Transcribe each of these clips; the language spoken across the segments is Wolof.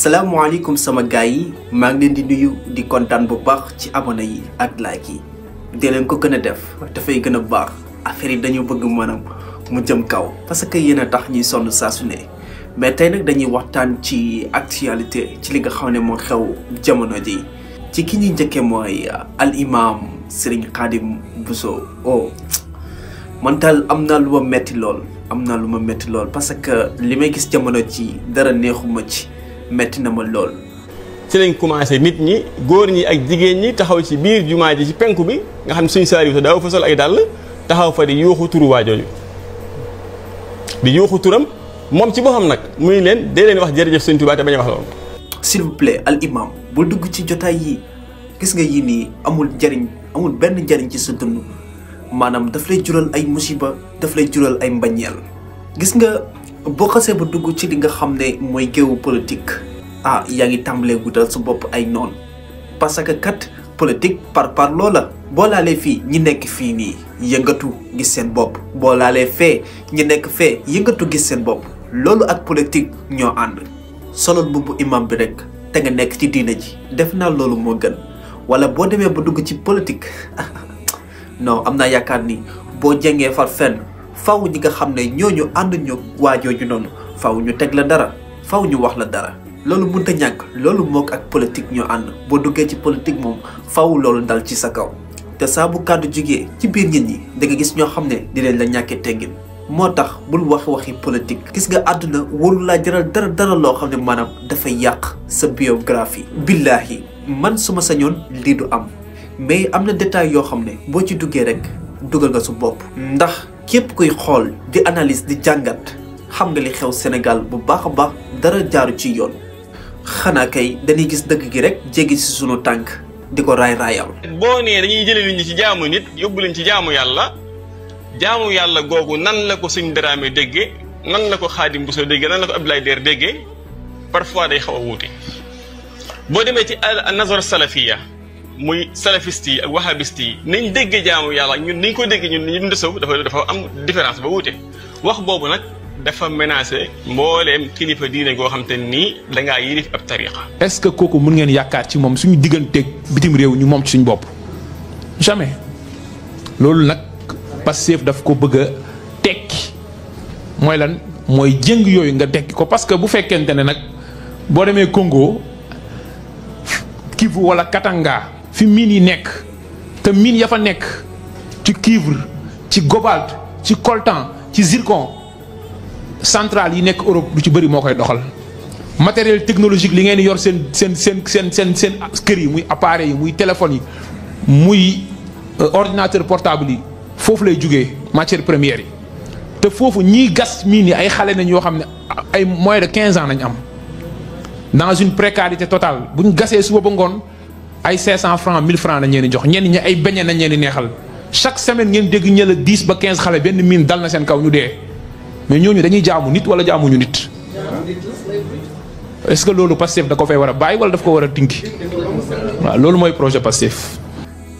salaamaaleykum sama gars yi maa ngi leen di nuyu di kontaan bu baax ci amono yi ak like yi dee leen ko gën a def dafay gën a baax affaire yi dañu bëgg maanaam mu jëm kaw parce que yéen a tax ñuy sonn saa su ne mais tey nag dañuy waxtaan ci actualité ci li nga xam ne moo xew jamono ji ci ki ñuy njëkkee mooy al imam Serigne Khadim Bousso oh man am naa lu ma metti lool am na lu ma metti lool parce que li may gis jamono ji dara neexuma ci. metti na ma lool. ci lañ commencé nit ñi góor ñi ak jigéen ñi taxaw ci biir jumaa ji ci penku bi nga xam ne suñ saari bi daaw fa sol ay dàll taxaw fa di yuuxu turu waa jooju di yuuxu turam moom ci boo xam nag muy leen dee leen wax jërëjëf sëñ Tuubaa te ba a wax loolu. s'il vous plaît al bul dugg ci jotaay yi gis nga yii nii amul njariñ amul benn njariñ ci sa dund maanaam daf lay jural ay musiba daf lay jural ay mbañeel gis nga. boo xasee ba dugg ci li nga xam ne mooy ah yaa ngi tàmbalee guddal sa bopp ay noon parce que kat politique par par loola boo laalee fi ñi nekk fii nii yëngatu gis bop bo boo laalee fee ñi nekk fee yëngatu gis seen bopp loolu ak politique ñoo ànd imam bi rek te nga nekk ci lolo ji def naa loolu moo gën wala bo demee ba dugg ci politique non am ni bo jengee far fenn faw ñi nga xam ne ñooñu ànd ñu waa jooju noonu faw ñu teg la dara faw ñu wax la dara loolu mënut a ñàkk loolu mook ak politique ñoo ànd boo duggee ci politique moom faw loolu dal ci sa kaw te saa bu kàddu jugee ci biir nit ñi da gis ñoo xam ne di dinañ la ñàkkee teggin moo tax bul wax waxi politique gis nga àdduna warul laa jaral dara dara loo xam ne maanaam dafay yàq sa biographie. billaahi man suma sañoon lii du am mais am na détail yoo xam ne boo ci duggee rek dugal nga su bopp képp kuy xool di analyse di jàngat xam nga li xew Sénégal bu baax a baax dara jaaru ci yoon xanaa kay dañuy gis dëkk gi rek jéggi si sunu tànk di ko raay raayal. boo nee dañuy jëlee nit ñi ci jaamu nit yóbbu leen ci jaamu yàlla jaamu yàlla googu nan la ko Sëñ Dramé déggee nan la ko Xaadim Bousso déggee nan la ko Abdoulaye Der déggee parfois day xaw a wuute boo demee ci al nazar salafiya muy salafiste yi ak wahabiste yi nañ déggee jaamu yàlla ñun niñ ko déggee ñun ñun ndësaw dafa dafa am différence ba wuute wax boobu nag dafa menacé mbooleem kilifa diine goo xam te nii dangaa yilif ab tariqa est que kooku mun ngeen yaakaar ci moom suñu digganteeg bitim réew ñu moom suñu bopp jamais loolu nag Pastef daf ko bëgg a tekki mooy lan mooy jëng yooyu nga tekki ko parce que bu fekkente ne nag boo demee Congo Kivu wala Katanga fi mines nek te mines ya fa tu ci cuivre ci cobalt ci coltan ci zircon centrale yi nek Europe du ci bëri mo koy doxal matériel technologique li ngeen yor sen sen sen sen sen seen kër yi muy appareil muy téléphone muy euh, ordinateur portable yi foofu lay jugee matière première yi te fofu ñi gas mini ay xalé nañ yoo xam ay moins de 15 ans nañ am dans une précarité totale buñu gassé suba ba ngone ay 500 francs 1000 francs la ñeen jox ñen ñi ay beñe na ñeen neexal chaque semaine ngeen dégg ñëla 10 ba 15 xalé benn mine dal na seen kaw ñu dé mais ñooñu dañuy jaamu nit wala jaamu ñu nit est ce que loolu passif da ko fay wara bayyi wala daf ko wara tinki wa loolu moy projet passif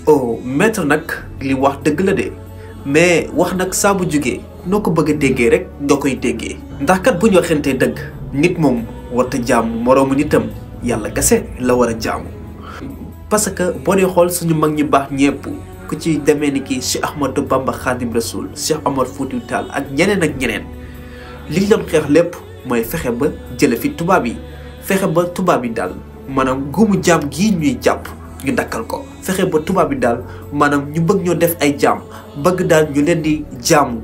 oh maître nak li wax deug la dé mais wax nak sa bu jugé noko bëgg déggé rek do koy déggé ndax kat buñ waxenté deug nit mom warta jaamu moromu nitam yalla kassé la wara jaamu parce que bo dé xol suñu mag ñi bax ñepp ku ci démé ni ki cheikh ahmadou bamba khadim rasoul cheikh omar fouti tal ak ñeneen ak ñeneen liñ doon xex lepp moy fexé ba jëlé fi fexé ba dal manam gumu jam gi ñuy japp ñu dakal ko fexé ba dal manam ñu bëgg ñoo def ay jam bëgg dal ñu leen di jamu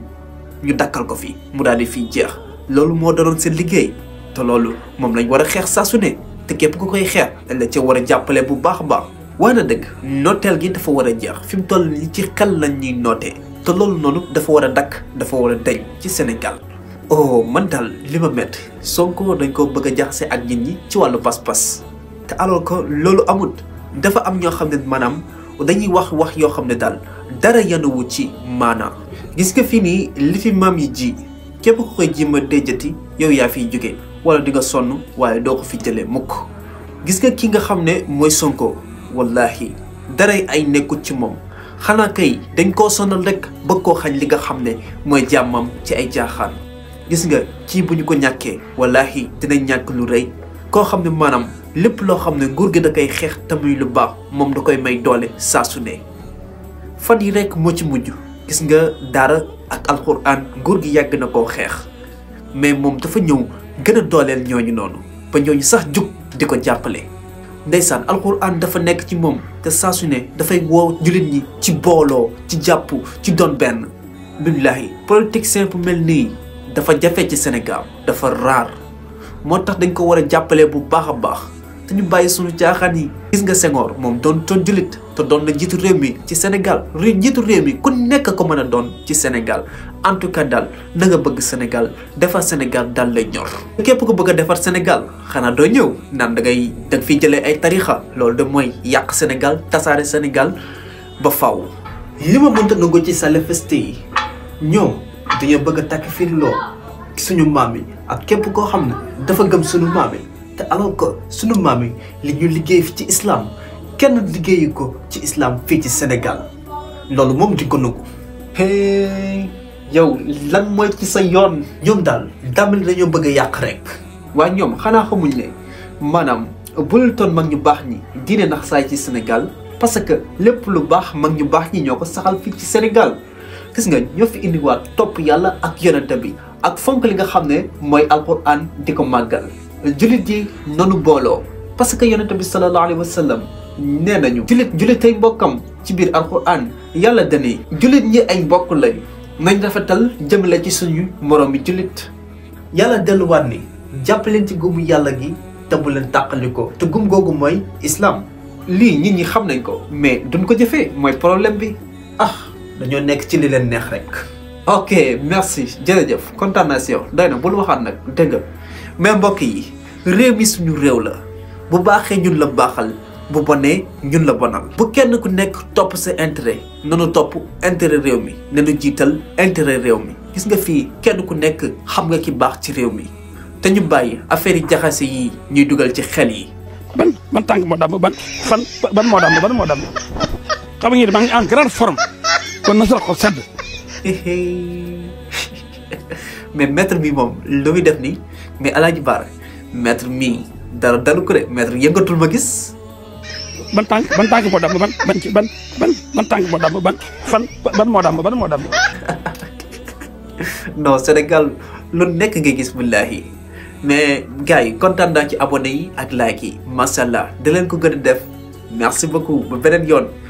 ñu dakal ko fi mu daal di fi jeex loolu moo doon seen liggéey te loolu moom lañ war a xeex saa te képp ku koy xeex dañ la ca wara jàppale bu baax baax waa na dëgg nooteel gi dafa war a jeex fi mu toll nii ci xel lañ ñuy nootee te loolu noonu dafa war a dakk dafa war a deñ ci Sénégal. oh man daal li ma métti Sonko dañ ko bëgg a jaxase ak nit ñi ci wàllu pas-pas te alors que loolu amut dafa am ñoo xam ne maanaam dañuy wax wax yoo xam ne daal dara yanuwu ci maanaa gis nga fii nii li fi maam yi ji képp ko koy ji ma déjati yow yaa fiy jóge wala di nga sonn waaye doo ko fi jëlee mukk gis nga ki nga xam ne mooy Sonko. wallahi daray ay nekkut ci moom xanaa kay dañ koo sonal rek bëgg koo xañ li nga xam ne mooy jàmmam ci ay jaaxaan gis nga ci bu ñu ko ñàkkee wallahi dina ñàkk lu rey koo xam ne maanaam lépp loo xam ne nguur gi da koy xeex te muy lu baax moom da koy may doole saa su ne fan yi rek moo ci mujj gis nga daara ak alxuraan nguur gi yàgg na koo xeex mais moom dafa ñëw gën a dooleel ñooñu noonu ba ñooñu sax jug di ko jàppale ndeysaan alxuraan dafa nekk ci moom te saa su ne dafay woo jullit yi ci booloo ci jàpp ci doon benn. billahi politicien bu mel nii dafa jafe ci Sénégal dafa raar moo tax dañ ko war a jàppale bu baax a baax. suñu ñu bàyyi sunu caaxaan yi gis nga Senghor moom doon doon jullit te doon na jiitu réew mi ci Sénégal jiitu réew mi ku nekk ko mën a doon ci Sénégal en tout cas daal na nga bëgg Sénégal defar Sénégal daal la ñor képp ko bëgg a defar Sénégal xanaa doo ñëw naan ngay da fiy jëlee ay tarixa loolu de mooy yàq Sénégal tasaare Sénégal ba faw li ma mënta nangu ci sa salafiste yi ñoom dañoo bëgg a takk firi loo suñu maam yi ak képp koo xam ne dafa gëm suñu maam yi te alors que sunu maam li ñu liggéey ci islam kenn liggéeyu ko ci islam fii ci sénégal loolu moom di ko hey yow lan mooy ci sa yoon ñoom daal damel dañoo bëgg a yàq rek waaye ñoom xanaa xamuñ ne maanaam bul toon mag ñu baax ñi diine nax saay ci sénégal parce que lépp lu baax mag ñu baax ñi ñoo ko saxal fii ci sénégal gis nga ñoo fi indiwaat topp yàlla ak yonente bi ak fonk li nga xam ne mooy alquran di ko màggal jullit yi nanu booloo parce que yonente bi sallallahu alayhi wa sallam nee nañu jullit jullit ay mbokkam ci biir alquran yàlla dani jullit ñi ay mbokk lañu nañ rafetal la ci suñu moroom bi jullit yàlla delluwaat ni jàppaleen ci gumu yàlla gi te bu leen tàqali ko te gum googu mooy islaam lii nit ñi xam nañ ko mais duñ ko jëfee mooy problème bi ah dañoo nekk ci li leen neex rek ok merci jërëjëf kontaan naa day na bul waxaat nag dégg nga mais mbokk yi réew mi suñu réew la bu baaxee ñun la baaxal bu bonee ñun la bonal bu kenn ku nekk topp sa intérêt nanu topp intérêt réew mi nanu jiital intérêt réew mi gis nga fi kenn ku nekk xam nga ki baax ci réew mi te ñu bàyyi affaire yi jaxase yi ñuy dugal ci xel yi ban ban tànk moo damm ban fan ban moo damm ban moo damm xam nga ni en grande forme kon na sa sedd mais maître bi moom lu def nii mais Alaaji Baara maître mii dara dalu ko de maître yëngatul ma gis. ban tànk ban tànk moo dàmm ban ban ci ban ban ban tànk moo dàmm ban fan ban moo dàmm ban moo dàmm. non Sénégal lu nekk nga gis billaahi mais gars yi kontaan naa ci abonné ak like yi macha allah di leen ko gën a def merci beaucoup ba beneen yoon.